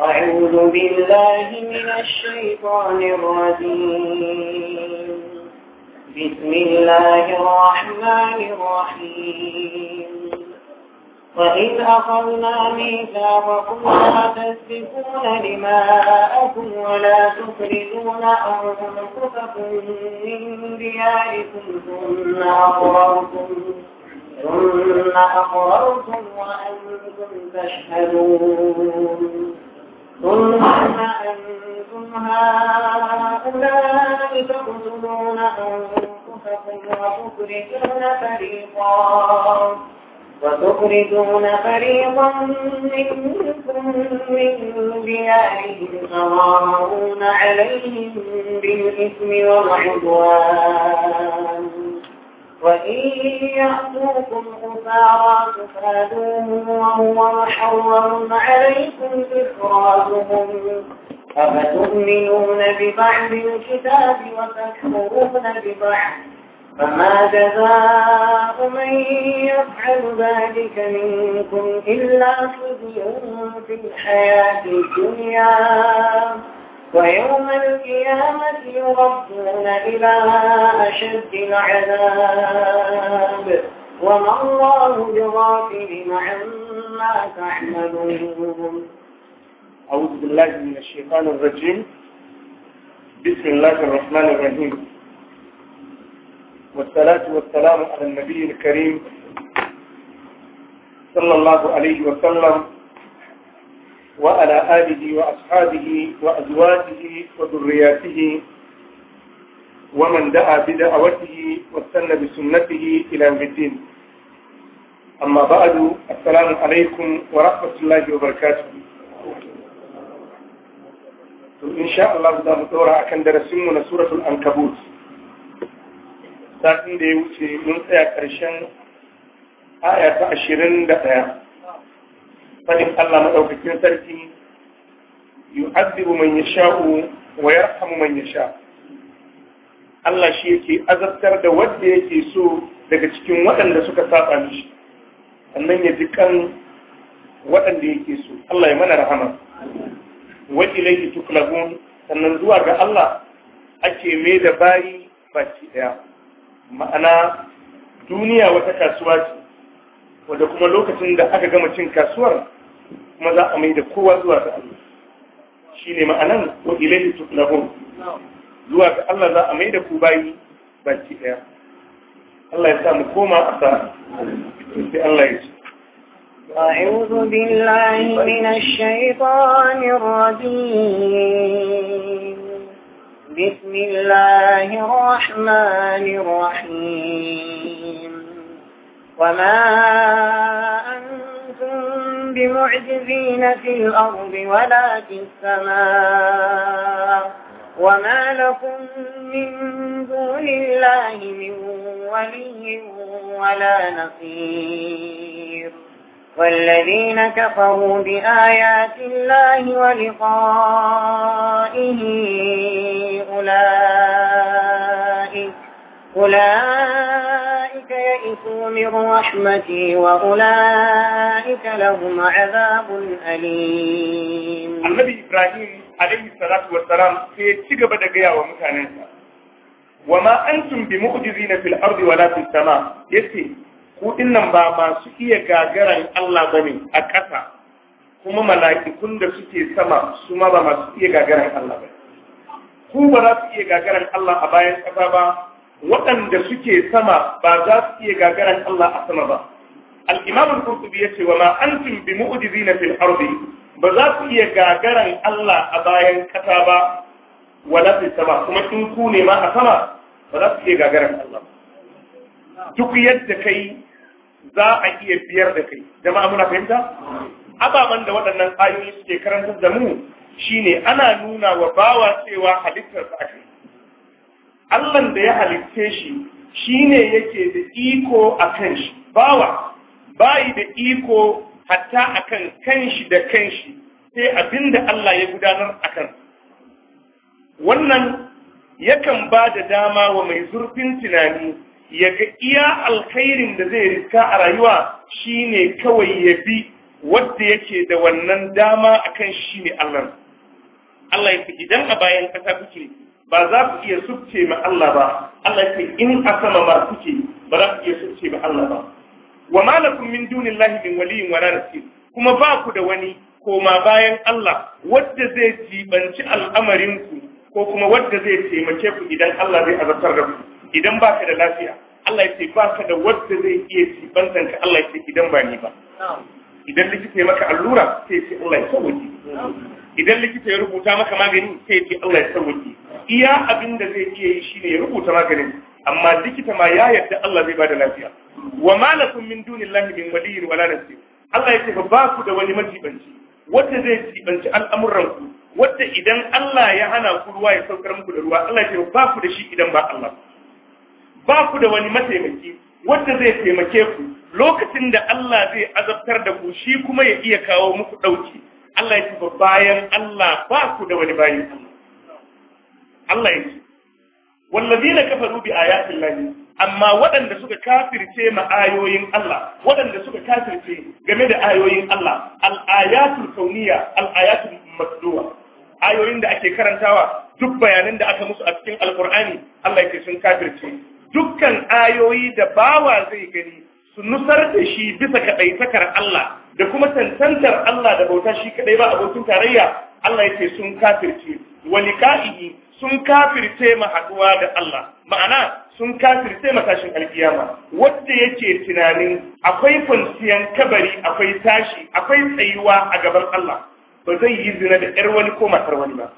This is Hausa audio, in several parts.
أعوذ بالله من الشيطان الرجيم بسم الله الرحمن الرحيم وإذ أخذنا ميثاقكم لا تسفكون دماءكم ولا تخرجون أنفسكم من دياركم ثم أقررتم ثم أقررتم وأنتم تشهدون قل أنتم هؤلاء تقتلون أنفسكم وتخرجون فريقا وتخرجون فريقا منكم من ديارهم تظاهرون عليهم بالإثم والعدوان وإن يأتوكم أسارا تفادوهم وهو محرم عليكم إخراجهم أفتؤمنون ببعض الكتاب وتكفرون ببعض فما جزاء من يفعل ذلك منكم إلا خزي في الحياة الدنيا ويوم القيامة يردون إلى أشد العذاب وما الله بغافل عما تعملون أعوذ بالله من الشيطان الرجيم بسم الله الرحمن الرحيم والصلاة والسلام على النبي الكريم صلى الله عليه وسلم وعلى آله وأصحابه وأزواجه وذرياته ومن دعا بدعوته واستنى بسنته إلى يوم الدين أما بعد السلام عليكم ورحمة الله وبركاته إن شاء الله za mu ɗora akan darasinmu na suratul ankabut satin da ya wuce mun tsaya ƙarshen aya ta ashirin da ɗaya fadin Allah maɗaukakin sarki yu'adhibu man yasha'u wa yarhamu man yasha Allah shi yake azabtar da wanda yake so daga cikin waɗanda suka saba mishi sannan ya ji kan waɗanda yake so Allah ya mana rahama wa ilayhi tuklabun sannan zuwa ga Allah ake mai da bayi baki ɗaya. ma'ana duniya wata kasuwa ce wanda kuma lokacin da aka gama cin kasuwar kuma za a mai da kowa zuwa ga Allah shi ne ma'anan wa ilaihi tuflahun zuwa ga Allah za a mai da ku bayi baki daya Allah ya sa mu koma a sa sai Allah ya ce أعوذ بالله من الشيطان الرجيم بسم الله الرحمن الرحيم وما بمعجزين في الأرض ولا في السماء وما لكم من دون الله من ولي ولا نصير والذين كفروا بآيات الله ولقائه أولئك, أولئك يورثوا من رحمتي وأولئك لهم عذاب أليم النبي إبراهيم عليه الصلاة والسلام في تجربة دقيا ومكانتها وما أنتم بمعجزين في الأرض ولا في السماء يسي ku dinnan ba masu iya gagaran Allah bane a ƙasa kuma mala'ikun da suke sama su ma ba masu iya gagaran Allah ba? ku ba za su iya gagaran Allah a bayan ƙasa ba waɗanda suke sama ba za su iya gagaran Allah a sama ba Al'imamin imam al-qurtubi wa ma antum bi na fil ardi ba za su iya gagaran Allah a bayan kasa ba wala fil sama kuma in ku ne ma a sama ba za su iya gagaran Allah duk yadda kai za a iya biyar da kai jama'a muna fahimta ababen da waɗannan ayoyi suke karantar da mu shine ana nuna wa bawa cewa halittarsa a Allah da ya halitte shi shine yake da iko a kan shi bawa bayi da iko hatta akan kanshi da kanshi sai abinda Allah ya gudanar a kan wannan yakan ba da dama wa mai zurfin tunani ya ga iya alkhairin da zai riska a rayuwa shine kawai ya bi wadda yake da wannan dama akan ne Allah Allah ya fi idan a bayan kasa kuke ba za ku iya sukce ma Allah ba Allah ce in a sama ma kuke ba za ku iya sukce ma Allah ba wa ma min dunillahi min waliyyin wa nasir kuma ba ku da wani koma bayan Allah wadda zai jibanci al'amarinku ko kuma wadda zai taimake ku idan Allah zai azabtar da ku idan baka da lafiya Allah ya ce ba ka da wadda zai iya jibantan ka Allah ya ce idan ba ni ba idan likita ya maka allura sai ce Allah ya sauwaje idan likita ya rubuta maka magani sai ce Allah ya sauwaje iya abin da zai iya yi shi ne ya rubuta maganin amma likita ma ya yarda Allah zai bada lafiya wa malakum min dunillahi min waliyyin wala nasir Allah yake ba ku da wani majibanci wanda zai jibanci al'amuran ku wanda idan Allah ya hana ku ruwa ya saukar muku da ruwa Allah yake ba ku da shi idan ba Allah ba ku da wani mataimaki wanda zai taimake ku lokacin da Allah zai azabtar da ku shi kuma ya iya kawo muku ɗauki. Allah yake bayan Allah ba ku da wani bayin Allah Allah ya ce wallazina kafaru bi ayatin lahi amma waɗanda suka kafirce ma ayoyin Allah waɗanda suka kafirce game da ayoyin Allah al-ayatul kauniyya al ayoyin da ake karantawa duk bayanan da aka musu a cikin alkur'ani Allah ce sun kafirce dukkan ayoyi da bawa zai gani su nusar da shi bisa kaɗaitakar Allah da kuma tantantar Allah da bauta shi kaɗai ba abokin tarayya Allah ce sun kafirce Wani liqa'ihi sun kafirce ma haduwa da Allah ma'ana sun kafirce ma tashin alkiyama wanda yake tunanin akwai kwanciyan kabari akwai tashi akwai tsayuwa a gaban Allah ba zai yi zina da ƴar wani ko matar wani ba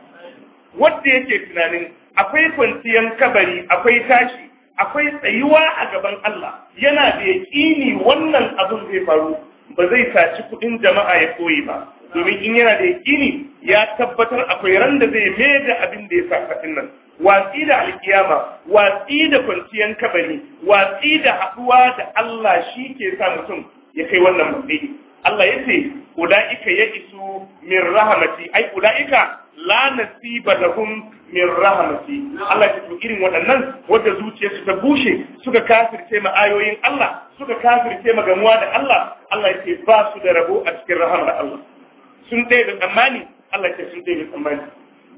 wanda yake tunanin akwai kwanciyan kabari akwai tashi akwai tsayuwa a gaban Allah yana da yaƙini wannan abun zai faru ba zai saci kuɗin jama'a ya koyi ba domin in yana da yaƙini ya tabbatar akwai ran da zai mai da abin da ya sa fatin nan watsi da alkiyama watsi da kwanciyan kabari watsi da haɗuwa da Allah shi ke sa mutum ya kai wannan matsayi Allah ya ce ula'ika ya isu min rahamati ai ula'ika la nasiba lahum min rahamati Allah ya ce irin waɗannan wanda zuciyarsu ta bushe suka kafirce ma ayoyin Allah suka kafirce ma gamuwa da Allah Allah ya ce ba su da rabo a cikin rahamar Allah sun ɗaya da tsammani Allah ce sun ɗaya da tsammani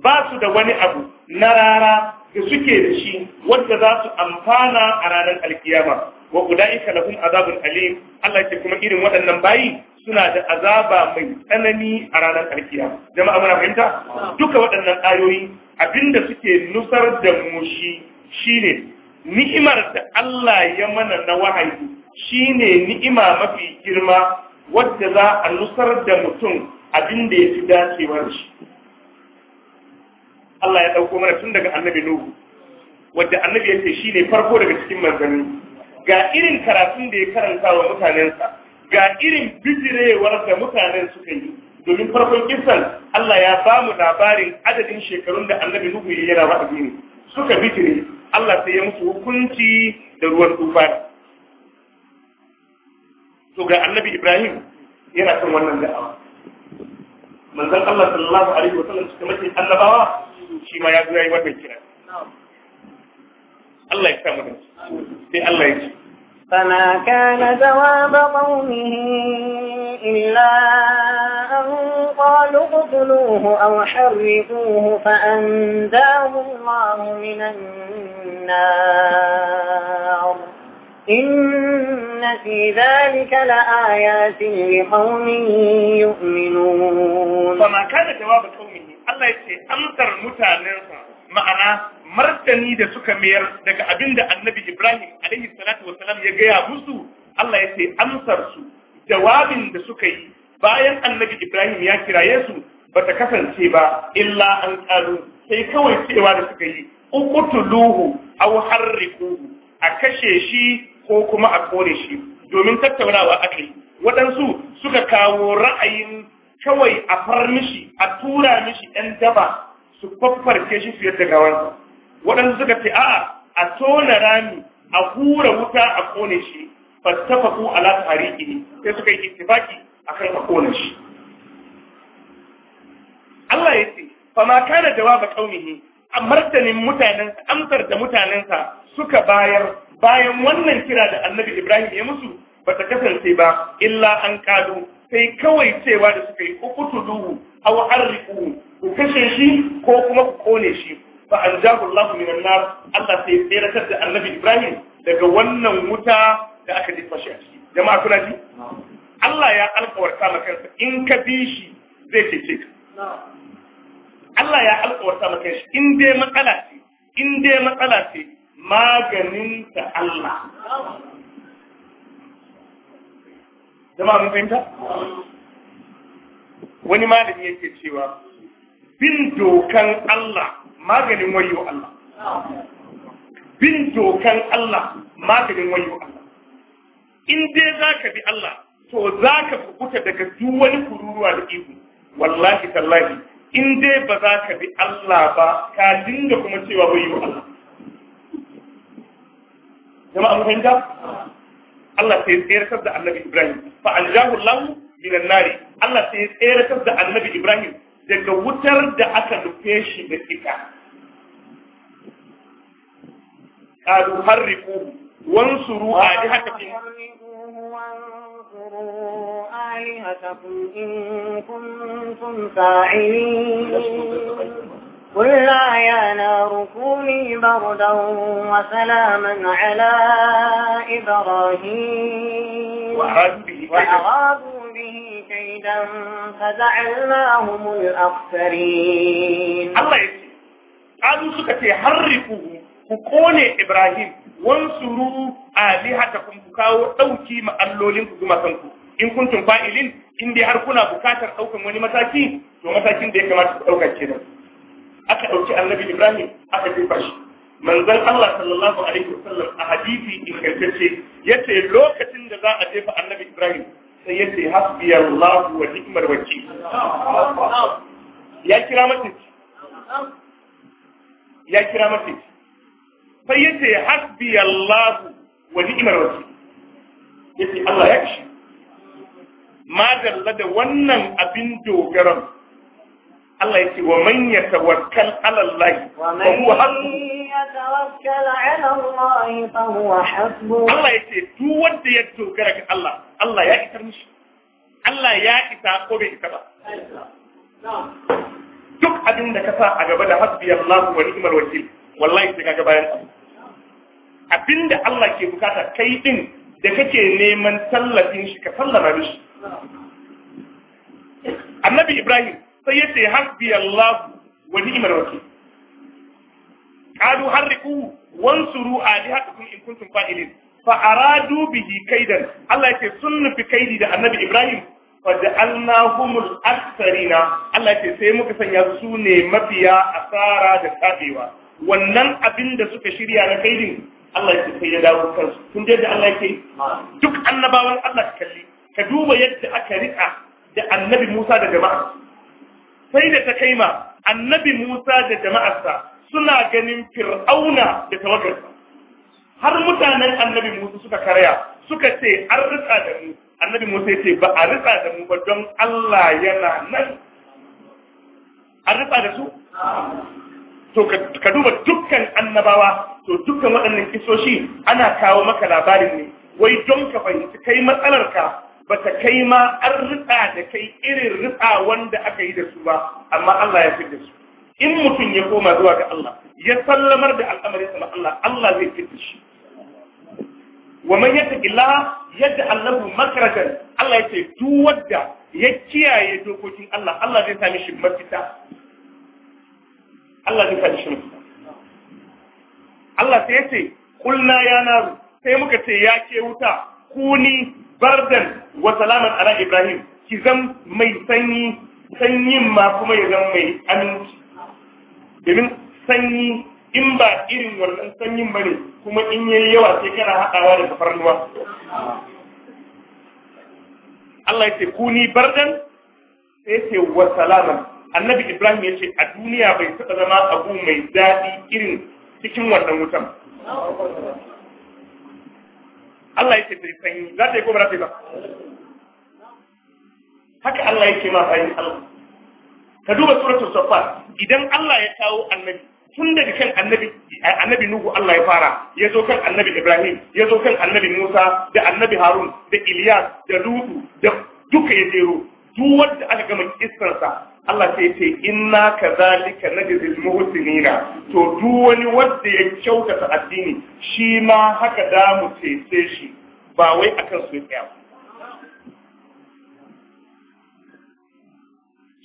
ba su da wani abu na rara da suke da shi wadda za su amfana a ranar alkiyama wa ulaika lahum azabun alim Allah ce kuma irin waɗannan bayi suna da azaba mai tsanani a ranar alkiyama jama'a muna fahimta duka waɗannan ayoyi abinda suke nusar da mu shi shine ni'imar da Allah ya mana na wahayi shine ni'ima mafi girma wadda za a nusar da mutum abin da ya fi dacewa da shi Allah ya ɗauko mana tun daga annabi Nuhu wadda annabi ya ce shi ne farko daga cikin manzanni ga irin karatun da ya karanta wa mutanensa ga irin bijirewar da mutanen suka yi domin farkon kisan Allah ya ba mu labarin adadin shekarun da annabi Nuhu ya yana wa'azi ne suka bijire Allah sai ya musu hukunci da ruwan tufa to ga annabi Ibrahim yana kan wannan da'awa manzon Allah sallallahu alaihi wa sallam cikin mace annabawa shi ma ya zo yayi wannan kira Allah ya sa mu sai Allah ya ce فما كان جواب قومه إلا أن قالوا اقتلوه أو حرقوه فأنجاه الله من النار إن في ذلك لآيات لقوم يؤمنون فما كان جواب قومه الله يسي أمتر متعلنسا ma'ana martani da suka mayar daga abinda annabi Ibrahim alaihi salatu salam ya gaya musu Allah ya ce amsar su jawabin da suka yi bayan annabi Ibrahim ya kiraye su bata kasance ba illa an kalu sai kawai cewa da suka yi uqtuluhu aw harriquhu a kashe shi ko kuma a kore shi domin tattaunawa aka yi waɗansu suka kawo ra'ayin kawai a far mishi a tura mishi ɗan daba su kwakwarke shi su yadda gawansa waɗansu suka ce a'a a tona rami a hura wuta a kone shi ta fattafaku ala tarihi sai suka yi ittifaki kan a kone shi Allah ya ce fa ma kana jawaba qaumihi martanin mutanensa amsar da mutanensa suka bayar bayan wannan kira da annabi Ibrahim ya musu ba ta kasance ba illa an kado sai kawai cewa da suka yi duhu uqtuluhu aw harriquhu ku kashe shi ko kuma ku kone shi fa anjahu Allahu minan nar Allah sai ya tsere da annabi Ibrahim daga wannan wuta da aka jefa shi a ciki jama'a kuna ji Allah ya alkawarta maka kansa in ka bi shi zai cece ka Allah ya alkawarta maka shi in dai matsala ce in dai matsala ce maganin ta Allah Zama mun fahimta wani malami yake cewa bin dokan Allah maganin wayo Allah bin dokan Allah maganin wayo Allah in dai ka bi Allah to za ka kubuta daga duk wani kururuwa da ihu wallahi tallahi in dai ba za ka bi Allah ba ka dinga kuma cewa wayo Allah jama'a mun fahimta Allah sai tsere da annabi Ibrahim fa anjahu Allah minan nari Allah sai tsere da annabi Ibrahim daga wutar da aka nufe shi da kika. qalu harriqu wansuru alihatakum آلهتكم إن كنتم فاعلين قلنا يا نار كوني بردا وسلاما على إبراهيم وأرادوا به كيدا فجعلناهم الأخسرين الله يسير قالوا سكتي حرقوه كقول إبراهيم wansuru alihatakum ku kawo dauki ma allolin kanku in kuntum fa'ilin in dai har kuna bukatar daukan wani mataki to matakin da ya kamata ku dauka kenan aka ɗauki annabi Ibrahim aka jefa shi manzon Allah sallallahu alaihi wasallam a hadisi ingantacce ce lokacin da za a jefa annabi Ibrahim sai ce hasbi Allah wa ni'mal wakil ya kira mace ya kira mace sai yace hasbi Allah wa ni'mal wakil yace Allah ya kishi madalla da wannan abin dogaran Allah yake wa man yatawakkal ala Allah fa huwa hasbuh Allah yake duk wanda ya dogara ga Allah Allah ya isar mishi Allah ya isa ko bai isa ba duk abin da ka sa a gaba da hasbi Allah wa ni'mal wakil wallahi sai kaga bayan abu abinda Allah ke bukata kai din da kake neman tallafin shi ka sallama mishi Annabi Ibrahim sai yace hasbi Allah wa ni'mal wakil qalu harriqu wansuru alihatakum in kuntum fa'ilin fa aradu bihi kaidan Allah yace sun nufi kaidi da Annabi Ibrahim fa ja'alnahumul aktharina Allah yace sai muka sanya su ne mafiya asara da tabewa wannan abin da suka shirya na kaidin Allah ya sai ya dawo kansu kun da Allah yake duk annabawan Allah kalli ka duba yadda aka rika da annabi Musa da jama'a sai da ta kaima annabi Musa da jama'arsa suna ganin fir'auna da tawagarsa har mutanen annabi Musa suka karya suka ce an ritsa da mu annabi Musa ya ce ba a ritsa da mu ba don Allah yana nan an ritsa da su to ka duba dukkan annabawa to dukkan waɗannan kisoshi ana kawo maka labarin ne wai don ka fahimci kai matsalarka ba ta kai ma an ritsa da kai irin ritsa wanda aka yi da su ba amma Allah ya fitar su in mutum ya koma zuwa ga Allah ya sallamar da al'amari sama Allah Allah zai fitar shi wa man yattaqilla yaj'al lahu makrajan Allah yace duk wanda ya kiyaye dokokin Allah Allah zai sami shi mafita Allah zai sami shi mafita Allah sai yace kulna ya naru sai muka ce ya ke wuta kuni bardan wa salaman ala ibrahim ki zam mai sanyi sanyin ma kuma ya zama mai aminci domin sanyi in ba irin wannan sanyin bane kuma in yayi yawa sai kana haɗawa da tafarnuwa Allah ya ce kuni bardan sai ya ce wa salaman annabi Ibrahim ya ce a duniya bai taba zama abu mai dadi irin cikin wannan wutan Allah yake bai sanyi za ta yi ko ba za ta yi ba haka Allah yake ma bayin Allah ka duba suratul saffat idan Allah ya kawo annabi tun daga kan annabi eh, annabi nuhu Allah ya fara ya zo kan annabi Ibrahim ya zo kan annabi Musa da annabi Harun da Iliya, da Lutu da duka ya jero duk wanda aka gama kissarsa Allah sai ce inna kazalika najzil muhsinina to duk wani wanda ya ta addini shi ma haka da mu tece shi ba wai akan Sun tsaya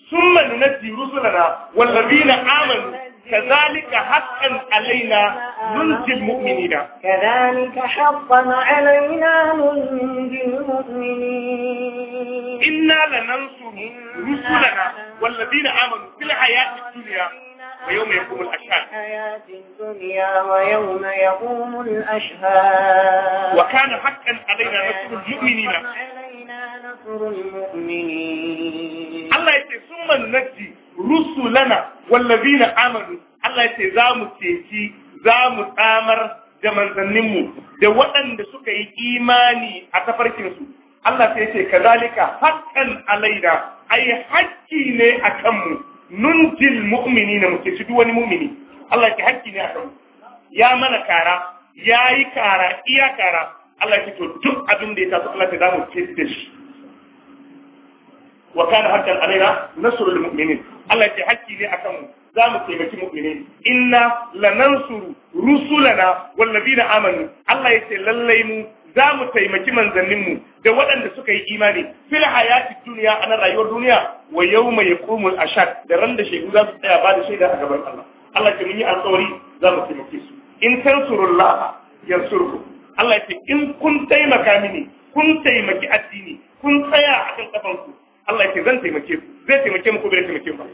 summa nunati rusulana wal ladina amanu كذلك حقا علينا ننجي المؤمنين كذلك حقا علينا ننجي المؤمنين إنا لننصر رسلنا والذين آمنوا في الحياة الدنيا ويوم يقوم الأشهاد حياة الدنيا ويوم يقوم الأشهاد وكان حقا علينا نصر المؤمنين علينا نصر المؤمنين الله يتسمى النجي rusulana wallazina amanu Allah ya ce za mu ceci za mu tsamar da manzanninmu da waɗanda suka yi imani a tafarkinsu Allah sai ce kazalika hakkan alaina ai hakki ne a kanmu nunjil mu'minina muke ci duk wani mu'mini Allah ya hakki ne a kanmu ya mana kara ya yi kara iya kara Allah ya to duk abin da ya taso Allah ya za mu ceci da shi wa kana hakkan alaina nasrul mu'minin Allah ya ce hakki ne akan mu za mu taimaki mu'mini inna lanansuru rusulana wallazina amanu Allah ya ce lallai mu za mu taimaki manzanninmu da waɗanda suka yi imani fil hayati duniya a nan rayuwar duniya wa yawma yaqumul ashad da ran da shaidu za su tsaya ba da shaida a gaban Allah Allah ya mun yi alƙawari za mu taimake su in tansurullah yansurku Allah ya ce in kun taimaka mini kun taimaki addini kun tsaya akan kafanku Allah yake zan taimake ku zai taimake mu ko bai taimake mu ba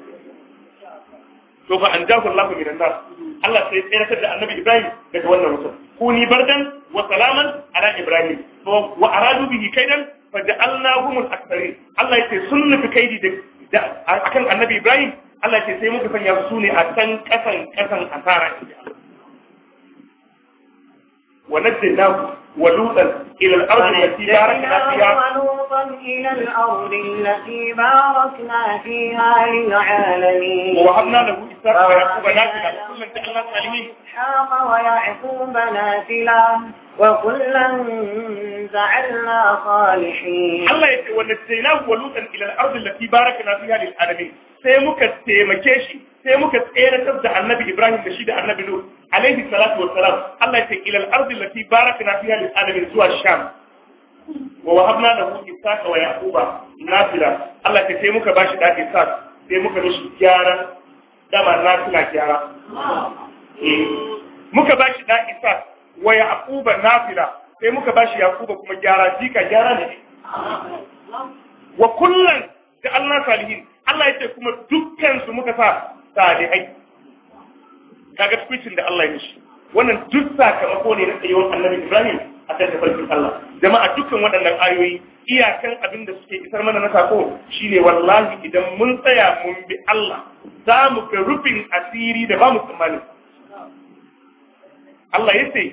to fa an jahu Allah min annas Allah sai tsayar da annabi Ibrahim daga wannan wutar kuni bardan wa salaman ala Ibrahim to wa aradu bihi kaidan fa ja'alnahum al-aktharin Allah yake sun fi kaidi da akan annabi Ibrahim Allah yake sai muka sanya su ne a kan kasan kasan asara wa najjaynahu ولوطا إلى الأرض التي باركنا فيها ولوطا إلى الأرض التي باركنا فيها للعالمين ووهبنا له إسحاق ويعقوب نافلة وكلا جعلنا سالمين إسحاق ويعقوب نافلة وكلا جعلنا صالحين الله يقول ونجيناه ولوطا إلى الأرض التي باركنا فيها للعالمين sai muka taimake shi sai muka tsere da annabi Ibrahim da shi da عليه الصلاة والسلام الله يقول إلى الأرض التي باركنا فيها للآلمين سوى الشام ووهبنا له إساك ويأخوبا نافلة الله يقول سيموك باشي داك إساك سيموك نشي جارة دمى نافلة جارة موك باشي داك إساك ويأخوبا نافلة سيموك باشي يأخوبا كما جارة جيكا جارة نجي وكلا جعلنا صالحين الله يقول كما دكتن سموك صالحين kaga tukuicin da Allah ya mishi wannan duk sakamako ne na tsayuwar annabi Ibrahim a kan tafarkin Allah jama'a dukkan waɗannan ayoyi iyakan abin da suke isar mana na sako shine wallahi idan mun tsaya mun bi Allah za mu ga rufin asiri da ba mu tsammani Allah ya ce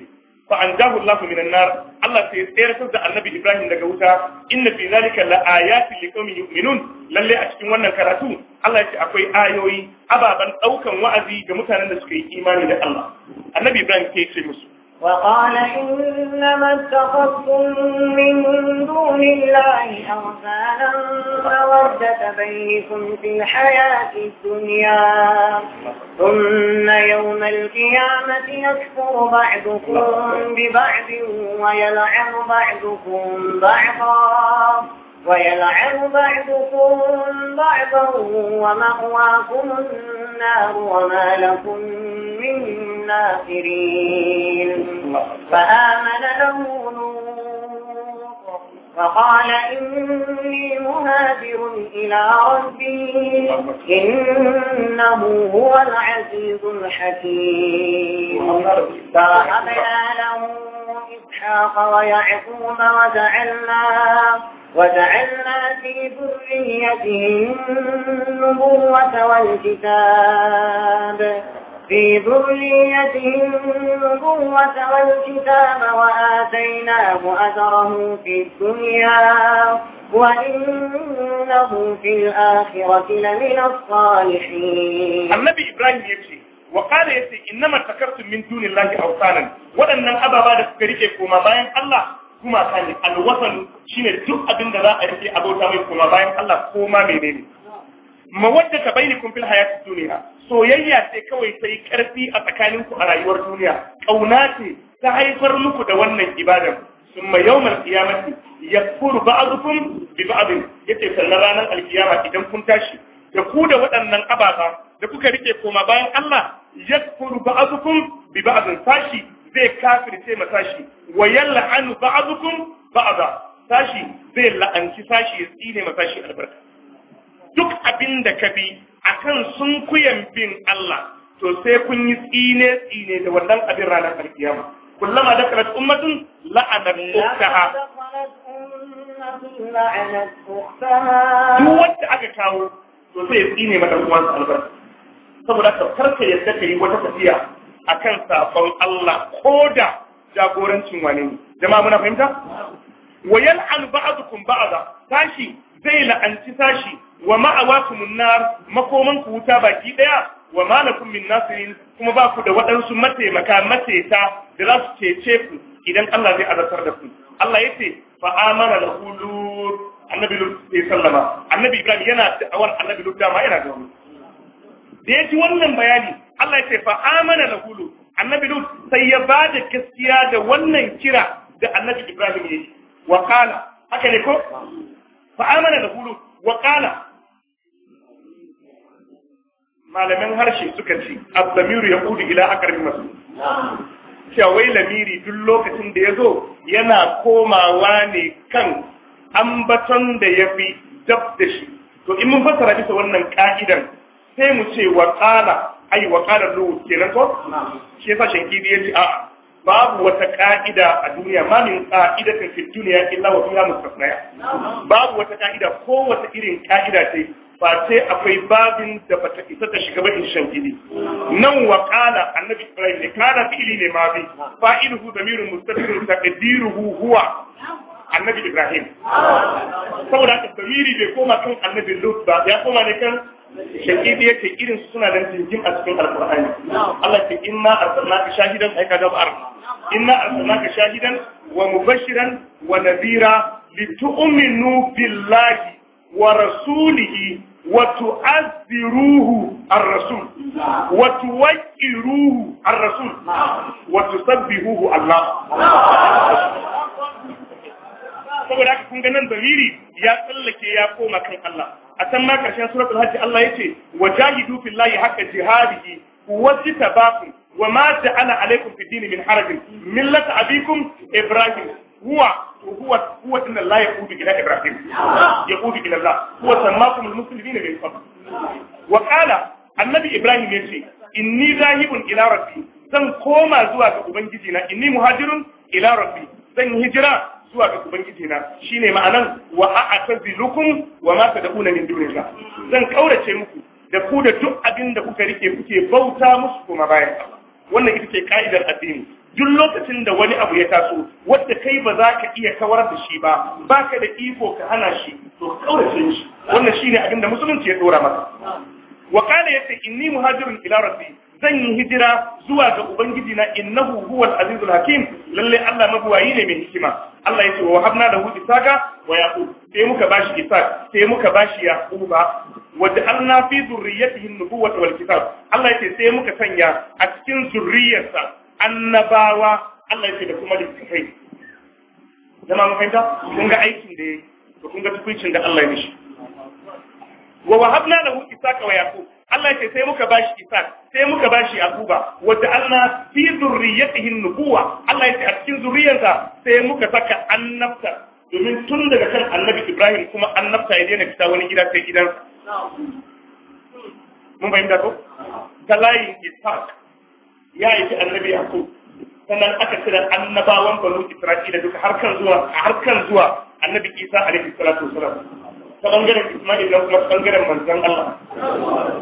fa anjahu Allah minan nar Allah sai tsayar da Annabi Ibrahim daga wuta inna fi zalika la ayatin liqaumin yu'minun lalle a cikin wannan karatu Allah ya ce akwai ayoyi ababen ɗaukan wa'azi ga mutanen da suka yi imani da Allah annabi Ibrahim ke ce musu وقال إنما اتخذتم من دون الله أرسالا مودة بينكم في الحياة الدنيا ثم يوم القيامة يكفر بعضكم ببعض ويلعن بعضكم بعضا ويلعن بعضكم بعضا ومأواكم النار وما لكم من ناصرين فآمن له فقال إني مهاجر إلى ربي إنه هو العزيز الحكيم فوهبنا له إسحاق ويعقوب وجعلنا وجعلنا في ذريته النبوة والكتاب في ذريته النبوة والكتاب وآتيناه أجره في الدنيا وإنه في الآخرة لمن الصالحين النبي إبراهيم يمشي وقال يسي إنما اتكرتم من دون الله أوطانا وأن أبا بعد كريكي كما باين الله gumaka ne alwasan shine duk abin da za a rike abota mai kuma bayan Allah koma menene mawadda ta kun fil hayatid dunya soyayya sai kawai sai karfi a tsakaninku a rayuwar duniya kauna ce ta haifar muku da wannan ibadan summa yawmal qiyamati yakfuru ba'dukum bi ba'd yace sannan ranar alkiyama idan kun tashi da ku da waɗannan ababa da kuka rike koma bayan Allah yakfuru ba'dukum bi ba'd sashi zai kafirce ma sashi wa yal'anu ba'dukum ba'da sashi zai la'anci sashi ya tsine ma sashi albarka duk abinda da ka bi akan sun kuyan bin Allah to sai kun yi tsine tsine da wannan abin ranar alkiyama kullama da kalat ummatun la'anar uktaha duk wanda aka kawo to sai ya tsine mata uwansa albarka saboda ka karka yadda ka yi wata tafiya akan sabon Allah ko da jagorancin wani ne jama'a muna fahimta wa yal'an ba'dukum ba'da tashi zai la'anci tashi wa ma'awakum nar makoman ku wuta baki daya wa malakum min nasirin kuma ba ku da waɗansu mataimaka mateta da za su cece ku idan Allah zai azartar da ku Allah yace fa amana lahu lut annabi lut ya sallama annabi ibrahim yana da'awar annabi lut dama yana da wani da ji wannan bayani Allah ya ce fa amana da hulu annabi lut sai ya ba da gaskiya da wannan kira da annabi Ibrahim ya yi wa qala haka ne ko fa amana da hulu wa qala malamin harshe suka ce abdamiru ya kudu ila akarin masu cewa wai lamiri duk lokacin da ya zo yana komawa ne kan ambaton da ya fi dab da shi to in mun fassara bisa wannan ka'idan sai mu ce wa tsala ai wa qala lu kenan ko shi yasa kidi yace a babu wata ka'ida a duniya ma min ta fi duniya illa wa fiha mustasnaya babu wata ka'ida ko wata irin ka'ida ce ba sai akwai babin da bata isa ta shiga ba in shankidi nan wa kala annabi ibrahim ne kana fi'li ne ma bi fa'iluhu damirun mustatirun taqdiruhu huwa annabi ibrahim saboda haka damiri bai koma kan annabi lut ba ya koma ne kan shakidi ya ce irin su suna da jinjin a cikin alkur'ani Allah ce inna arsalnaka shahidan ay kaga ba arna inna arsalnaka shahidan wa mubashiran wa nadhira litu'minu billahi wa rasulihi wa tu'azziruhu ar-rasul wa tuwaqqiruhu ar-rasul wa tusabbihuhu Allah saboda haka kun ga nan damiri ya tsallake ya koma kan Allah a can ma ƙarshen suratul hajji Allah yace wa jahidu fillahi haqqa jihadihi wa sitabaku wa ma ja'ala alaykum fid din min haraj Milata abikum ibrahim huwa huwa huwa inna la yaqudu ila ibrahim yaqudu ila Allah huwa sammakum al muslimina min qabl wa qala annabi ibrahim yace inni zahibun ila rabbi zan koma zuwa ga ubangiji na inni muhajirun ila rabbi zan hijira zuwa ga ubangiji na shine ma'anan wa a'tazilukum wa ma tad'una min dunillah zan kaurace muku da ku da duk abin da kuka rike kuke bauta musu kuma bayan wannan ita ce ka'idar addini duk lokacin da wani abu ya taso wanda kai ba za ka iya kawar da shi ba baka da iko ka hana shi to ka kaurace shi wannan shine abin da musulunci ya dora maka wa kana yace inni muhajirun ila rabbi zan yi hijira zuwa ga ubangiji na innahu huwal azizul hakim lalle Allah mabuwayi ne mai hikima Allah ya ce wa habna da hu saka wa yaqub sai muka bashi isak sai muka bashi yaquba wa ja'alna fi dhurriyyatihi an-nubuwwata wal kitab Allah ya ce sai muka sanya a cikin zurriyarsa annabawa Allah ya ce da kuma littafai zama mu fahimta kun ga aikin da yayi to kun ga tukuncin da Allah ya mishi wa wahabna lahu isaka wa yaqub Allah ce sai muka bashi Isaac sai muka bashi Yaquba wata Allah fi zurriyatihi nubuwa Allah ce a cikin zuriyarsa sai muka saka annabta domin tun daga kan annabi Ibrahim kuma annabta ya daina fita wani gida sai gidan. mun fahimta ko Isaac ya yi annabi Yaqub sannan aka cire annabawan banu Isra'ila duka har kan zuwa har kan zuwa annabi Isa alaihi salatu wasalam ta bangaren Ismail na kuma bangaren manzon Allah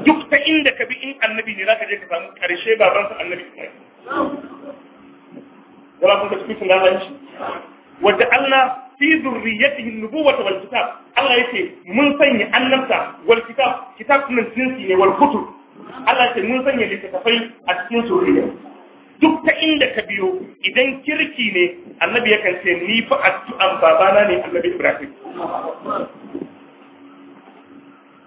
duk ta inda ka bi in annabi ne zaka je ka samu karshe babansa annabi Ismail wala kun da cikin lalanci wadda Allah fi zurriyatihi nubuwata wal kitab Allah yake mun sanya annabta wal kitab kitab nan jinsi ne wal kutub Allah yake mun sanya littattafai a cikin zurriya duk ta inda ka biyo idan kirki ne annabi yakan ce ni fa addu'an babana ne annabi Ibrahim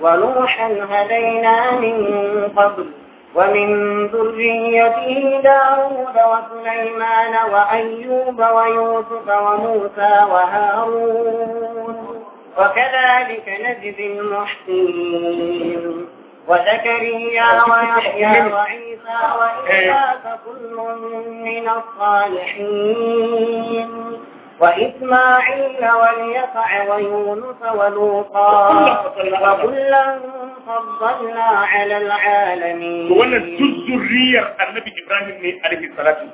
ونوحا هدينا من قبل ومن ذريته داود وسليمان وأيوب ويوسف وموسى وهارون وكذلك نجزي المحسنين وزكريا ويحيى وعيسى وإسحاق كل من الصالحين وإسماعيل واليسع ويونس ولوطا وكلا فضلنا على العالمين وانا الزرية النبي إبراهيم عليه الصلاة والسلام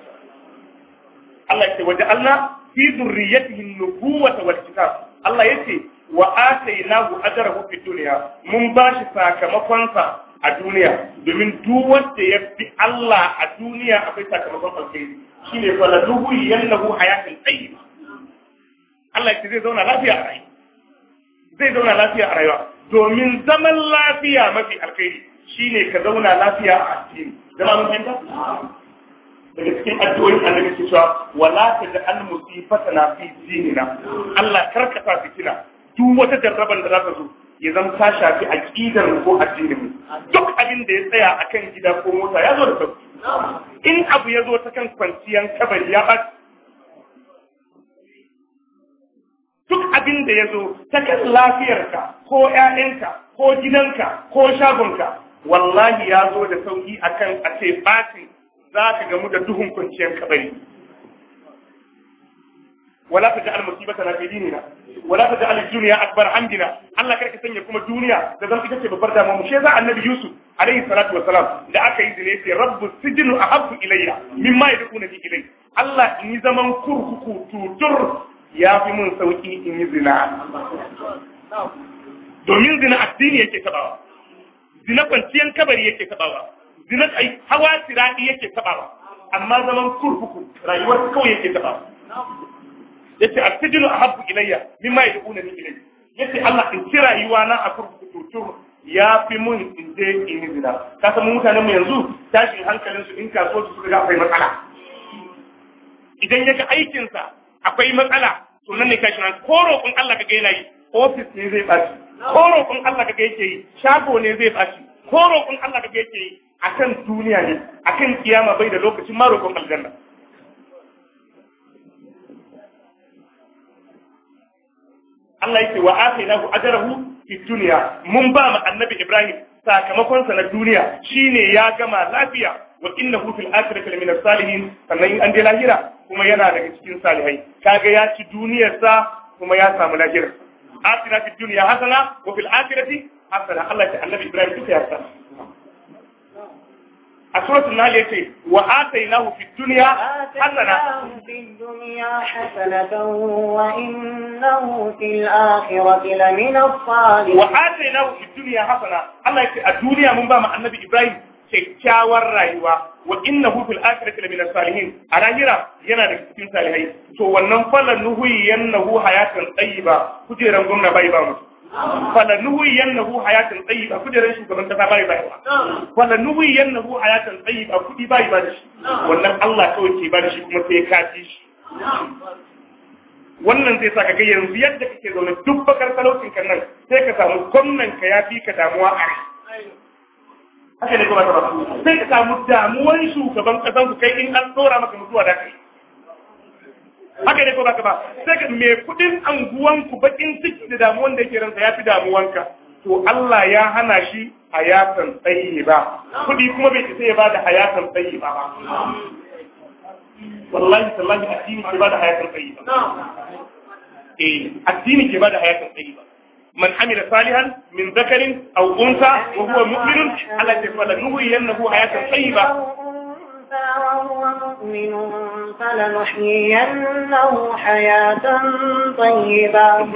الله يقول وجعلنا في ذريته النبوة والكتاب الله يقول وآتيناه أجره في الدنيا من باش ساكمكونسا a duniya domin duk wanda ya fi Allah a duniya akwai sakamakon alheri shine fa la duhu yannahu hayatin tayyiba Allah ce zai zauna lafiya a rayuwa zai zauna lafiya a rayuwa domin zaman lafiya mafi alkhairi shine ka zauna lafiya a addini zama mun fahimta daga cikin addu'o'in annabi ke cewa wala ta da al musibatana fi dinina Allah karkata fitina duk wata jarraban da za ta zo ya zama ta shafi aqidar mu ko addinin mu duk abin da ya tsaya akan gida ko mota ya zo da sauki in abu ya zo ta kan kwanciyan kabari ya ba abin da ya zo ta kan lafiyarka ko ‘ya'yanka ko gidanka ko shagonka wallahi ya zo da sauki akan a ce batin za ka gamu da duhun kwanciyar kabari wala ta ja'al musibata na dinina wala ta ja'al dunya akbar hamdina Allah karka sanya kuma duniya da zan ita ce babbar damar mu she za annabi Yusuf alaihi salatu wassalam da aka yi zine sai rabbu a habbu ilayya mimma na fi ilayya Allah ni zaman kurkuku tutur ya fi mun sauki in yi zina domin zina addini yake tabawa zina kwanciyar kabari yake tabawa zina hawa sirati yake tabawa amma zaman kurkuku rayuwar kawai yake tabawa yace a ahabbu ilayya mimma yaduna ni ilayya yace Allah in ci rayuwa na a kurkuku to ya fi mun in je in yi zina ka san mutanen mu yanzu tashin hankalin su in kasuwar su suka ga akwai matsala idan yaga aikinsa akwai matsala to nan ne tashin hankali ko roƙon Allah kaga yana yi ofis ne zai baci ko roƙon Allah kaga yake yi shago ne zai baci ko roƙon Allah kaga yake yi akan duniya ne akan kiyama bai da lokacin ma roƙon aljanna Allah yake wa atainahu ajrahu fi dunya mun ba mu annabi Ibrahim sakamakon sa na duniya shine ya gama lafiya wa innahu fil akhirati min as-salihin sannan in an dai lahira kuma yana daga cikin salihai kaga ya ci duniyarsa kuma ya samu lahira atina fi dunya hasana wa fil akhirati hasana Allah ta annabi Ibrahim duka ya samu a suratul nahl yace wa atainahu fi dunya hasana fid dunya hasanatan wa innahu fil akhirati lamina as-salihin wa atainahu fi dunya hasana Allah yace a duniya mun ba mu annabi Ibrahim kyakkyawar rayuwa wa innahu fil akhirati lamina salihin a lahira yana da cikin salihai to wannan falan nuhuyi yannahu hayatan tayyiba kujeran gwamna bai ba mutu falan nuhuyi yannahu hayatan tayyiba kujeran shugaban kasa bai ba yawa falan nuhuyi yannahu hayatan tayyiba kudi bai ba da shi wannan Allah kawai ke ba da shi kuma sai ka ci shi wannan zai sa ka ga yanzu yadda kake zaune duk bakar talaucin kan nan sai ka samu gwamnan ka ya fi ka damuwa a rai haka ne kuma ba sai ka samu damuwar shugaban kasan ku kai in an tsora maka mutuwa da kai haka ne ko baka ba sai ka me kudin anguwan ku bakin ciki da damuwan da yake ransa yafi damuwanka to Allah ya hana shi hayatan ba. kudi kuma bai isa ya bada hayatan tayyiba ba wallahi tallahi addini ke bada hayatan tayyiba eh addini ke bada hayatan tayyiba من عمل صالحا من ذكر أو أنثى وهو مؤمن على فلنهينه حياة طيبة وهو مؤمن فلنحيينه حياة طيبة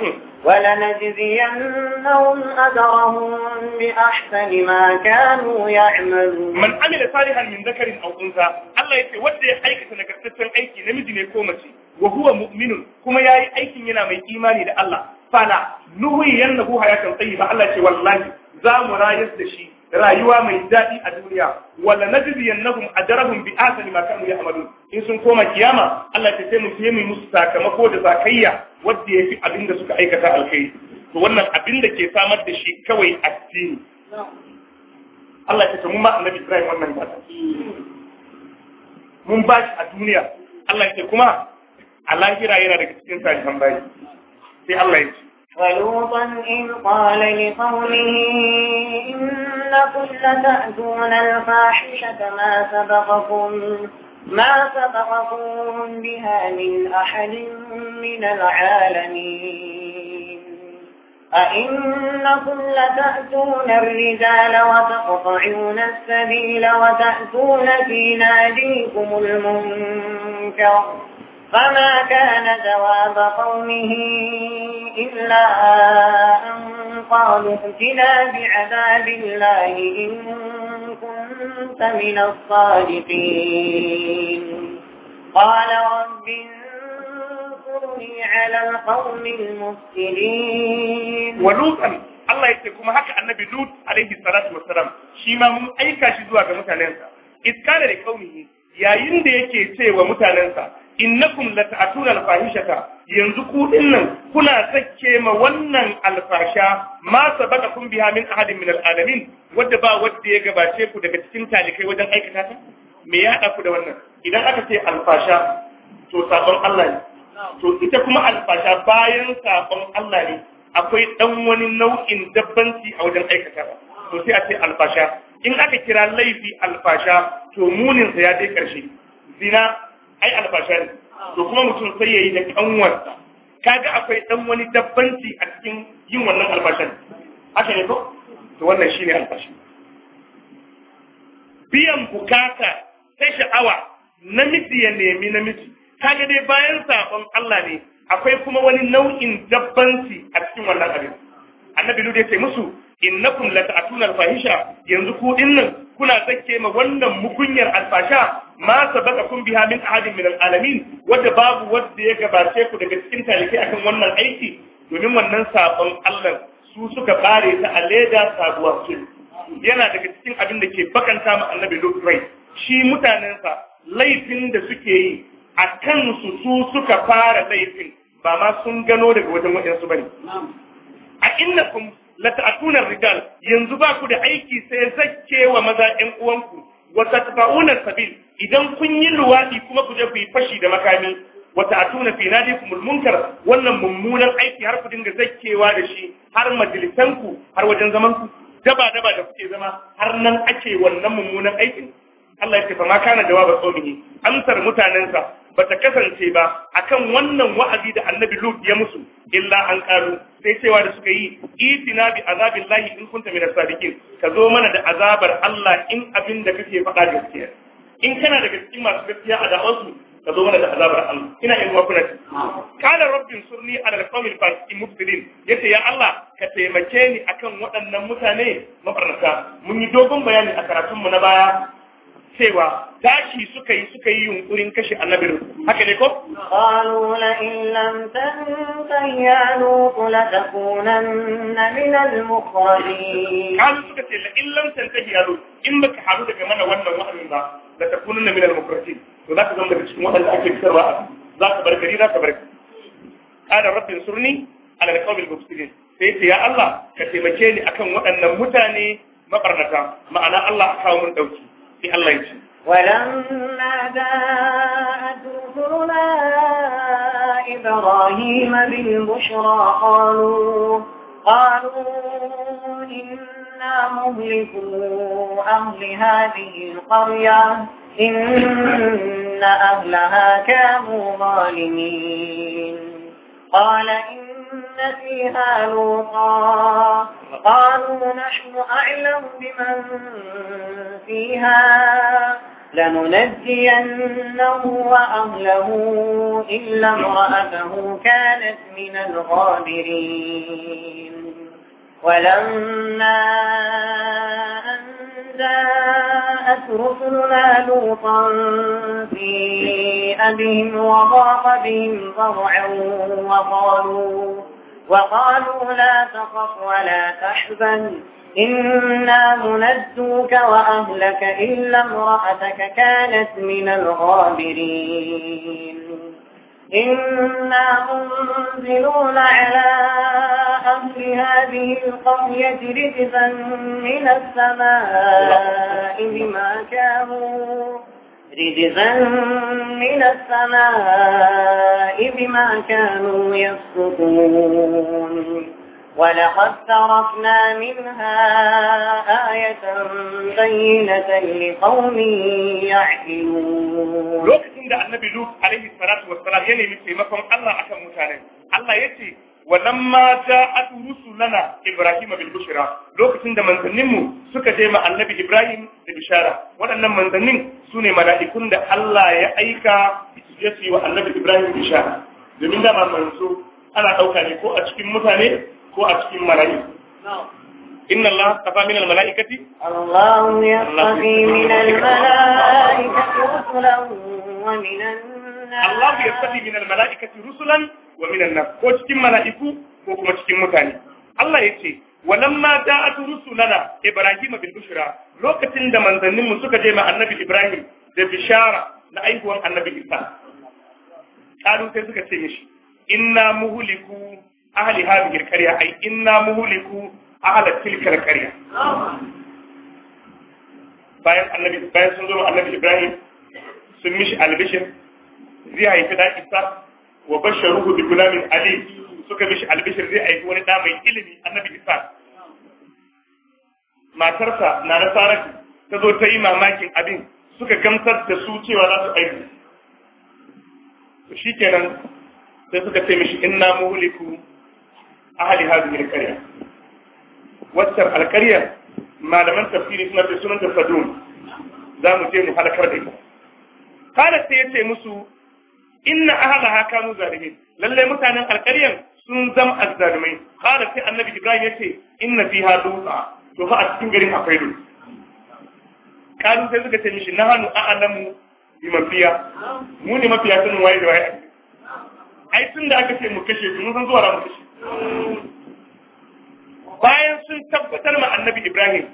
ولنجزينهم أجرهم بأحسن ما كانوا يعملون من عمل صالحا من ذكر أو أنثى الله يتي ودي أيك سنكتسن أيكي نمجي نيكومتي وهو مؤمن كما يأي أيكي ينا من إيماني لألّه fala nuhiyannahu hayatan tayyiba Allah ce wallahi za mu rayar da shi rayuwa mai daɗi a duniya wala najziyannahum ajrahum bi asani ma kanu ya'malun in sun koma kiyama Allah ta ce mu sai mu musu sakamako da zakayya wanda yafi abin da suka aikata alkai to wannan abin da ke samar da shi kawai addini Allah ta ce mu ma annabi Ibrahim wannan ba mun ba shi a duniya Allah ya ce kuma a lahira yana daga cikin salihan bayi sai Allah ya ce ولوطا إذ قال لقومه إنكم لتأتون الفاحشة ما سبقكم ما سبقكم بها من أحد من العالمين أئنكم لتأتون الرجال وتقطعون السبيل وتأتون في ناديكم المنكر فما كان جواب قومه إلا أن قالوا ائتنا بعذاب الله إن كنت من الصادقين قال رب انصرني على القوم المفسدين ولوطا Allah ya ce kuma haka annabi Lut alaihi salatu wassalam shi ma mun aika shi zuwa ga mutanensa iskala da kaunihi yayin da yake wa mutanensa innakum lata'tuna al-fahishata yanzu ku dinnan kuna sakke ma wannan alfasha ma kun biha min ahadin min al-alamin ba wanda ya gabace ku daga cikin talikai wajen aikata ta me ya haɗa ku da wannan idan aka ce alfasha to sabon Allah ne to ita kuma alfasha bayan sabon Allah ne akwai dan wani nau'in dabbanci a wajen aikata ta to sai a ce alfasha in aka kira laifi alfasha to muninsa ya dai karshe zina ai alfasha to kuma mutum sai yayi da kanwarsa kaga akwai dan wani dabbanci a cikin yin wannan alfashan haka ne to to wannan shine alfashi biyan bukata ta sha'awa namiji ya nemi namiji kaga dai bayan sabon Allah ne akwai kuma wani nau'in dabbanci a cikin wannan abin annabi Ludi ya ce musu innakum lata'tuna alfahisha yanzu ku dinnan kuna zakke ma wannan mukunyar alfasha ma kun biha min ahadin min alalamin wanda babu wanda ya gabace ku daga cikin talike akan wannan aiki domin wannan sabon Allah su suka bare ta a leda sabuwa su yana daga cikin abin da ke bakanta ma annabi Lut rai shi mutanensa laifin da suke yi a kansu su suka fara laifin ba ma sun gano daga wajen waɗansu bane a innakum lata'atuna rijal yanzu ba ku da aiki sai zakke wa maza ƴan uwanku wa tatba'una sabil idan kun yi luwaɗi kuma ku je ku yi fashi da makami wa ta'tuna fi nadikumul munkar wannan mummunan aiki har ku dinga zakkewa da shi har majalisanku har wajen zaman ku daba daba da kuke zama har nan ake wannan mummunan aikin Allah ya ce fa ma kana jawaba qaumihi amsar mutanensa Ba ta kasance ba a kan wannan wa'azi da annabi Lut ya musu illa an ƙaru. sai cewa da suka yi itina bi azabin azabillahi in kunta minas sadiqin ka zo mana da azabar Allah in abin da kake faɗa gaskiya in kana da cikin masu gaskiya a da'awarsu ka zo mana da azabar Allah ina yin wakuna ci kana rabbin surni ala alqawmil fasiqin mubtilin yace ya Allah ka taimake ni akan waɗannan mutane mafarnata mun yi dogon bayani a karatunmu na baya cewa tashi suka yi suka yi yunkurin kashe annabi haka ne ko qalu la illan lam tantahi ya nuq la takunanna min al mukhrajin kan suka ce la in lam tantahi ya nuq in baka haru daga mana wannan wa'azin ba la takunanna min al mukhrajin to zaka zama daga cikin wa'azin ake fitarwa ka bar gari zaka bar qala rabbi surni ala al qawmi al mufsidin sai ce ya Allah ka taimake ni akan waɗannan mutane mabarnata ma'ana Allah ka kawo mun ɗauki. في الله يجي ولما جاءت رسلنا إبراهيم بالبشرى قالوا قالوا إنا مهلكوا أهل هذه القرية إن أهلها كانوا ظالمين قال إن فيها لوطا قالوا نحن أعلم بمن فيها لننجينه وأهله إلا امرأته كانت من الغابرين ولما أن جاءت رسلنا لوطا في أبهم وضاق بهم ضرعا وقالوا, وقالوا لا تخف ولا تحزن إنا منزوك وأهلك إلا امرأتك كانت من الغابرين إنا منزلون على أهل هذه القرية رجزا من السماء بما كانوا رجزا من السماء بما كانوا يسكتون ولقد تركنا منها آية بينة لقوم يعقلون لوكتين ده النبي لوط عليه الصلاة والسلام يلي من تيمكم الله عشان متعلم الله يتي ولما جاءت رسلنا ابراهيم بالبشرى لوكتين ده منزلنمو suka je ma annabi Ibrahim da bishara waɗannan manzannin su ne mala'ikun da Allah ya aika ya su yi wa annabi Ibrahim bishara domin dama manzo ana ɗauka ne ko a cikin mutane ko a cikin mala'iku inna Allah tafa min al-mala'ikati Allah ya min al-mala'ikati rusulan wa min an-nas Allah yastafi min al-mala'ikati rusulan wa min an-nas ko cikin mala'iku ko kuma cikin mutane Allah ya ce yace walamma da'at rusulana ibrahima bil bushra lokacin da manzannin mu suka je ma annabi ibrahim da bishara na aihuwan annabi isa kalu sai suka ce mishi inna muhliku ahli hadhihi alqarya ay inna muhliku ahli tilka alqarya bayan annabi bayan sun zo annabi Ibrahim sun mishi albishir zai haifi da Isa wa basharuhu bi gulamin ali suka mishi albishir zai haifi wani da mai ilimi annabi Isa matarsa na nasarati ta zo ta yi mamakin abin suka gamsar da su cewa za su aiki to shikenan sai suka ce mishi inna muhliku ahli hadhihi alqarya waccan alqarya malaman tafsiri suna da sunan za mu je mu halakar da ita kada sai ya ce musu inna ahlaha mutanen sun zama azzalumai kada sai annabi ibrahim ya ce inna fiha dutsa to fa a cikin garin akwai dutse kanu sai suka ce mishi nahanu a'lamu bi mafiya mu ne mafiya sanin waye da waye ai tun da aka ce mu kashe mun san zuwa mu kashe bayan sun tabbatar ma annabi Ibrahim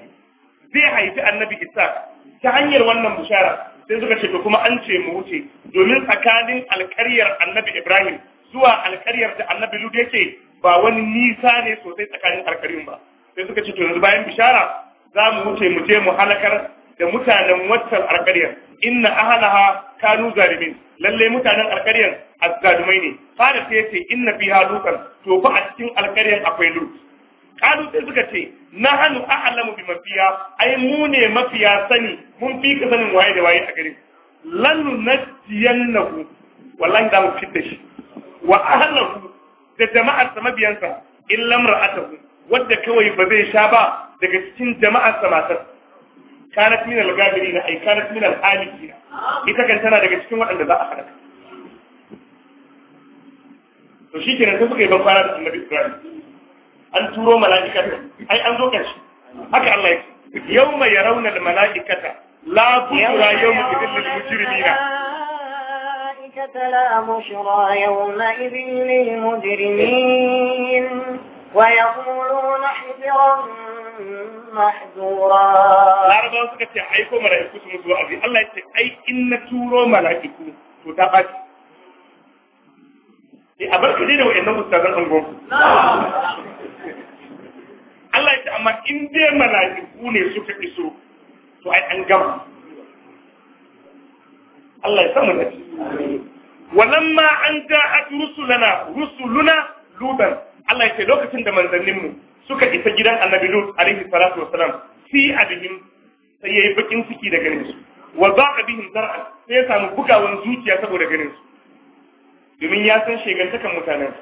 zai haifi annabi Isaac ta hanyar wannan bishara sai suka ce kuma an ce mu wuce domin tsakanin alkaryar annabi Ibrahim zuwa alkaryar da annabi Lut yake ba wani nisa ne sosai tsakanin alkaryun ba sai suka ce to yanzu bayan bishara za mu wuce mu je mu halakar da mutanen waccan alkaryar inna ahalaha kanu zalimin lalle mutanen alƙaryar azzalumai ne fara sai yace inna fiha lutan to fa a cikin alƙaryar akwai lut kalu sai suka ce nahanu a'lamu bi mafiya ai mu ne mafiya sani mun fi ka sanin waye da waye a garin lannu najiyannahu wallahi za mu fitta shi wa ahlahu da jama'ar sa mabiyansa illa mar'atahu wadda kawai ba zai sha ba daga cikin jama'ar sa كانت من الغابرين أي كانت من الحالكين إذا كانت أنا لك سكوة أن ذا أخذك وشيك أن تبقى بفارة النبي إسرائيل أن تروا ملائكة أي أن تروا كشف حكى الله يوم يرون الملائكة لا بشرى يوم إذن للمجرمين لا بشرى يومئذ للمجرمين ويقولون حفرا محجورا لاربا suka ce ai ko Allah ya ce ai na turo ta eh a da wayannan mustazan Allah ya ce amma in ne suka iso to an gama Allah ya an rusuluna Allah ya ce lokacin da manzanninmu suka isa gidan annabi lut alaihi salatu wassalam fi abihim sai yayi bakin ciki da ganin su wa ba'a bihim zar'a sai ya samu bugawan zuciya saboda ganin su domin ya san shegantakan mutanen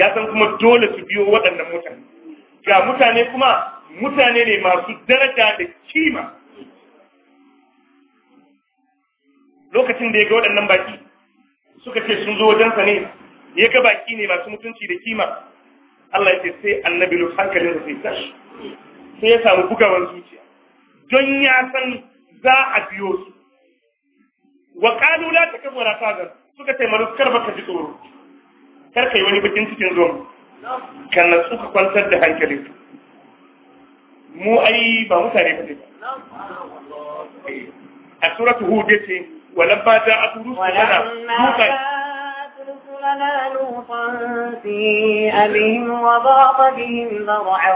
ya san kuma dole su biyo waɗannan mutane ga mutane kuma mutane ne masu daraja da kima lokacin da ya ga waɗannan baki suka ce sun zo wajensa ne ya ga baki ne masu mutunci da kima Allah ya ce sai annabi lut hankalin sa sai tashi sai ya samu bugawan zuciya don ya san za a biyo su wa qalu la takabu la tagar suka ce mana kar baka ji tsoro kar kai wani bakin cikin zuwa kan na suka kwantar da hankalin mu ai ba mutane ba ne a suratu hud yace walamma ja'atu rusuluna لنا لوطا سيء بهم وضاق بهم ذرعا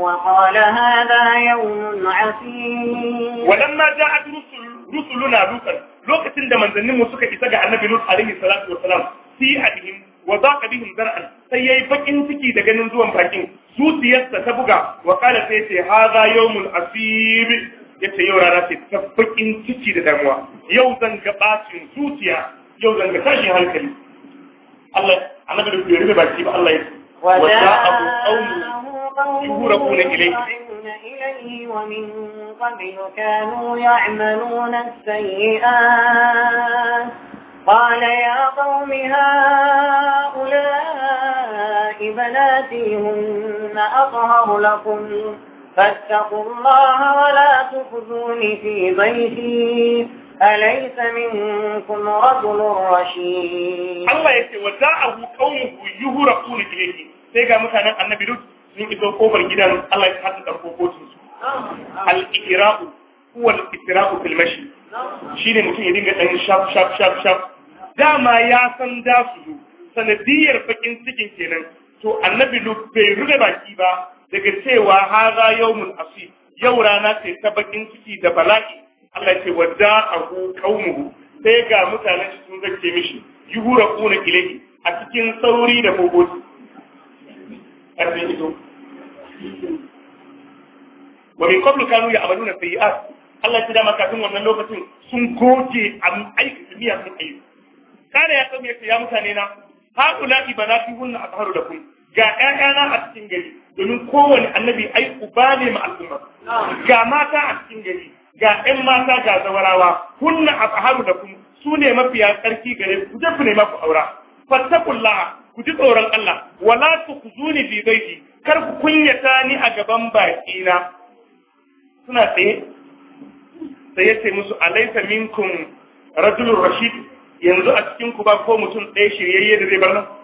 وقال هذا يوم عسير ولما جاءت رسل رسلنا لوطا لوقت da manzanninmu suka isa ga annabi Lut alaihi salatu wassalam sai hadihim wa zaqa bihim zar'an sai yayi bakin ciki da ganin zuwan bakin zuciyarsa ta buga wa qala sai ce hadha yawmul asib yace yau rana ce ta bakin ciki da damuwa yau zan ga bacin zuciya yau zan ga tashin hankali الله annabi da bai rufe baki ba Allah ya wada ومن قبل كانوا يعملون السيئات قال يا قوم هؤلاء بناتي هن أطهر لكم فاتقوا الله ولا تخزوني في بيتي أليس منكم رجل رشيد الله يكتب وزاعه قومه يهرقون إليه سيقى مثلا النبي لوت sun iso kofar gidan Allah ya haɗa ɗarko kotun su. Al-Iqra'u huwa al-Iqra'u fil mashi. Shine mutum ya dinga ɗan shaf shaf shaf shaf. Dama ya san da su sanadiyar bakin cikin kenan. To Annabi Lut bai rufe baki ba daga cewa haza yawmun asi Yau rana ce ta bakin ciki da bala'i Allah ce wadda ahu qaumuhu sai ga mutanen shi sun zace mishi yuhura kuna ilayhi a cikin sauri da kokoci Wani ido wa min qablu kanu ya'maluna sayyi'at Allah ya dama kafin wannan lokacin sun goge a aikata miya sun kai kana ya kabe ya mutane na haula ibanati hunna azharu lakum ga ƴaƴana a cikin gari domin kowane annabi ai uba ne ma al'umma ga mata a cikin gari ga ‘yan mata ga zawarawa, kunna a da kun su ne mafiya tsarki gare ku je ku nema ku aura. Fattakulla ku ji tsoron Allah, wala su ku zuni bi kar ku kunyata ni a gaban bakina. Suna tsaye, sai ya ce musu alaisa minkum rajulun rashid yanzu a cikin ku ba ko mutum ɗaya shiryayye da zai bar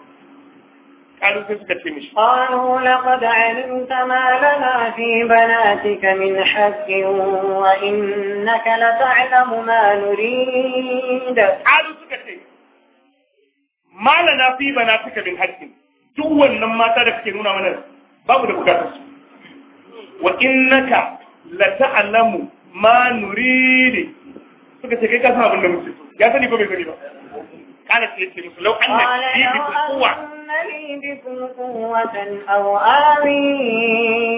قالوا فسك تمش قالوا لقد علمت ما لنا في بناتك من حق da. لتعلم ما نريد قالوا فسك ما لنا في بناتك duk حق mata لما تدك نونا من babu da bukatar su wa innaka la ta'lamu ma nuridi suka ce kai ka san abin da muke ya sani ko bai sani ba kana ce ce musu lau anna fi bi لي بكم قوة أو آوي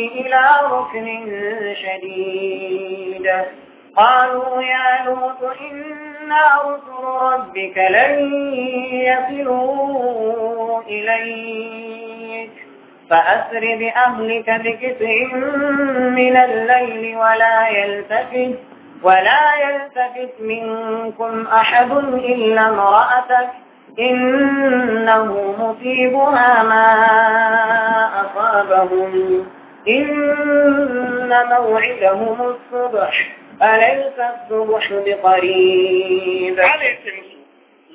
إلى ركن شديد قالوا يا لوط إنا رسل ربك لن يصلوا إليك فأسر بأهلك بكسع من الليل ولا يلتفت ولا يلتفت منكم أحد إلا امرأتك إنه مصيبها ما أصابهم إن موعدهم الصبح أليس الصبح بقريب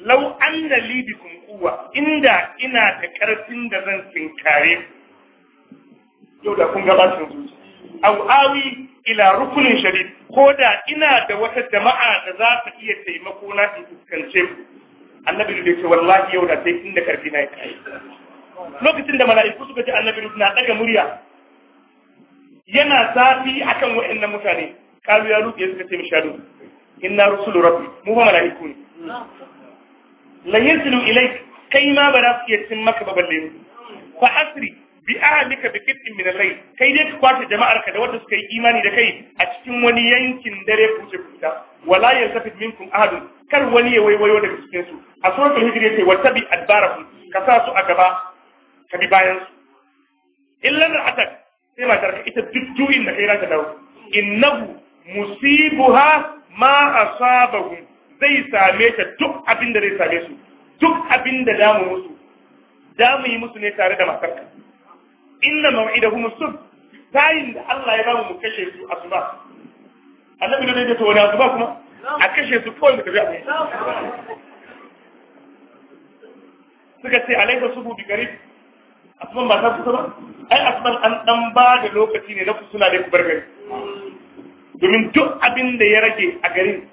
لو أن لي بكم قوة إن دا إنا تكرفين دا زن سنكاري يو دا كنغا باسن أو آوي إلى ركن شديد ko da ina da wata jama'a da za ta iya annabi Lut ce wallahi yau da sai inda karfi na lokacin da mala'iku suka ce annabi na daga murya yana zafi akan wa'annan mutane kalu ya Lut ya suka ce mishadu inna rusulu rabbi mu ba mala'iku ne la yanzilu ilayk kai ma ba za su iya maka ba balle fa asri bi ahlika bi qit'in min al-layl kai dai ka kwata jama'ar ka da wanda suka yi imani da kai a cikin wani yankin dare kuce kuta wala yaltafit minkum ahad kar wani ya waiwayo daga cikin su a suratul hijr yace wattabi adbarakum ka sa su a gaba ka bi bayan su illan ra'atak sai matar ka ita duk juyin da kai za ta dawo innahu musibuha ma asabahum zai same ta duk abin da zai same su duk abin da damu musu damu yi musu ne tare da matarka inna maw'idahum as-subh tayin da Allah ya bamu mu kashe su asuba annabi ne da to wani asuba kuma a kashe su kawai mu tafi a suka ce alaika subu bi garib asuban ba ta kusa ba ai asuban an dan ba da lokaci ne na kusuna da ku bar gari domin duk abin da ya rage a garin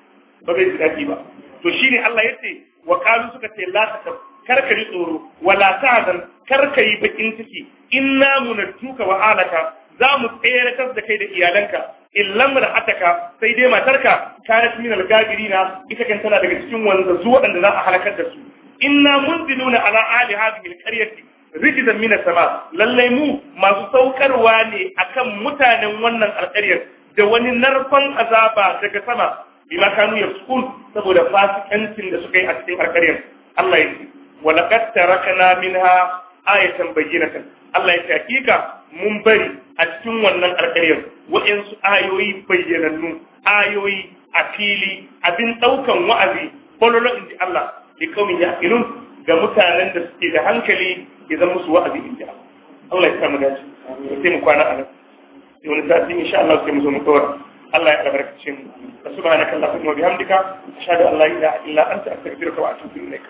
ba zai ji daɗi ba to shine Allah ya ce wa kalu suka ce la ta kar ka ji tsoro wala tahzan kar ka yi bakin ciki na munattuka wa alaka za mu tsere da kai da iyalanka illan ra'ataka sai dai matarka kanat min al na, ita kan tana daga cikin wanda zu waɗanda za a halakar da su inna munziluna ala ali hadhihi al-qaryati rijzan min sama lallai mu masu saukarwa ne akan mutanen wannan alƙaryar da wani narkon azaba daga sama bima kanu saboda fasikancin da suka yi a cikin alƙaryar Allah ya wa laqad tarakna minha ayatan bayyinatan Allah ya ce hakika mun bari a cikin wannan alƙaryar wa'insu ayoyi bayyanannu ayoyi a fili abin ɗaukan wa'azi kwallon inji Allah da kaumin ya ga mutanen da suke da hankali ya zama musu wa'azi inji Allah. Allah ya a nan. wani insha Allah Allah ya albarkace mu subhanaka allahumma wa bihamdika ashhadu an la ilaha illa anta astaghfiruka wa atubu ilaik